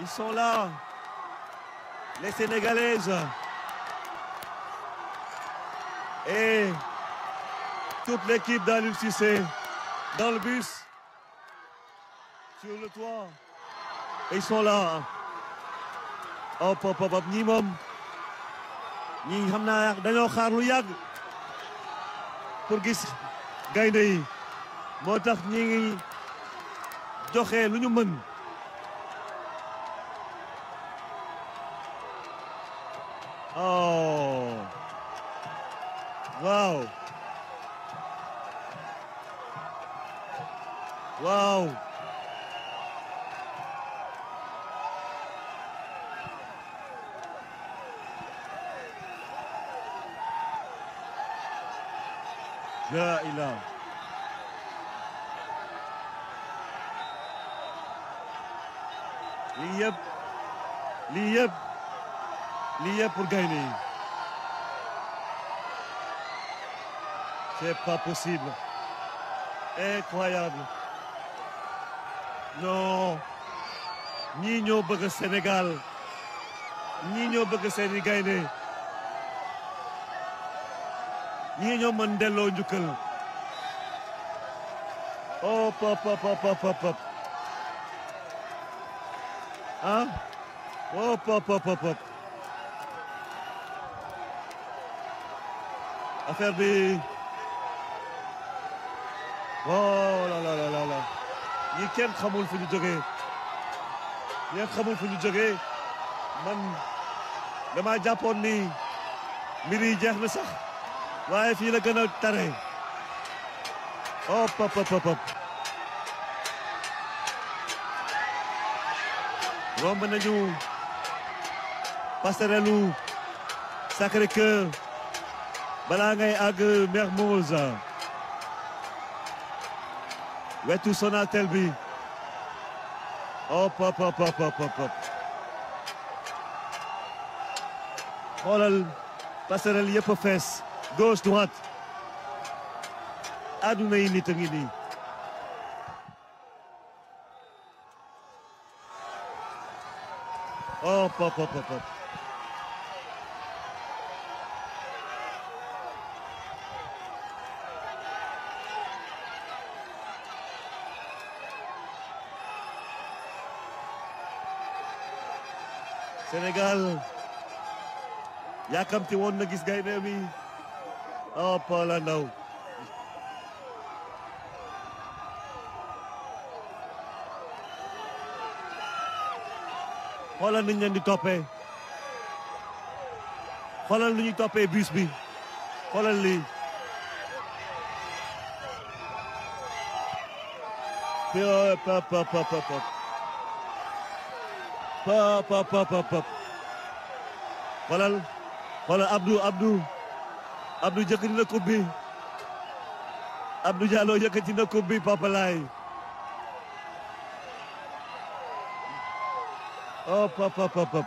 Ils sont là. Les Sénégalaises. Et toute l'équipe d'Alum Cissé dans le bus, sur le toit. ils sont là. Hop, oh, hop, hop, hop, ñii moom ñi xam naa dañoo lu yàgg pour gis moo tax ñi ngi joxe lu ñu Oh. Wow. Wow. لا إله ليب ليب lii yëpp pour gaynde yi c'est pas possible incroyable non ñii ñoo bëgg Sénégal ñii ñoo bëgg seeni gaynde ñii ñoo mën delloo njukkal oh pop pop pop pop pop affaire bi oh la la la la ñi kenn fu ñu jógee ñeen xamul fu ñu jógee man dama jàppoon ni mbir yi jeex na sax waaye fii la gën a tare hop hop hop hop romb nañu passerelu balaa ngay àgg Mermoz wetu Sonatel bi hop hop hop hop hop xoolal passerelle yëpp a fees gauche droite àdduna yi nit a ngi nii hop hop hop hop Sénégal yàkkamti woon na gis gaynde bi oh Paula Ndaw xoolal nuñ leen di toppee xoolal nu ñuy toppee biis bi xoolal lii pop pop pop pop pop pop pop pop xoolal xoolal Abdou Abdou Abdou na coupe bi Abdou Diallo na coupe bi Papa Laye oh pop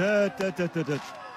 Tut, tut, tut, tut, tut.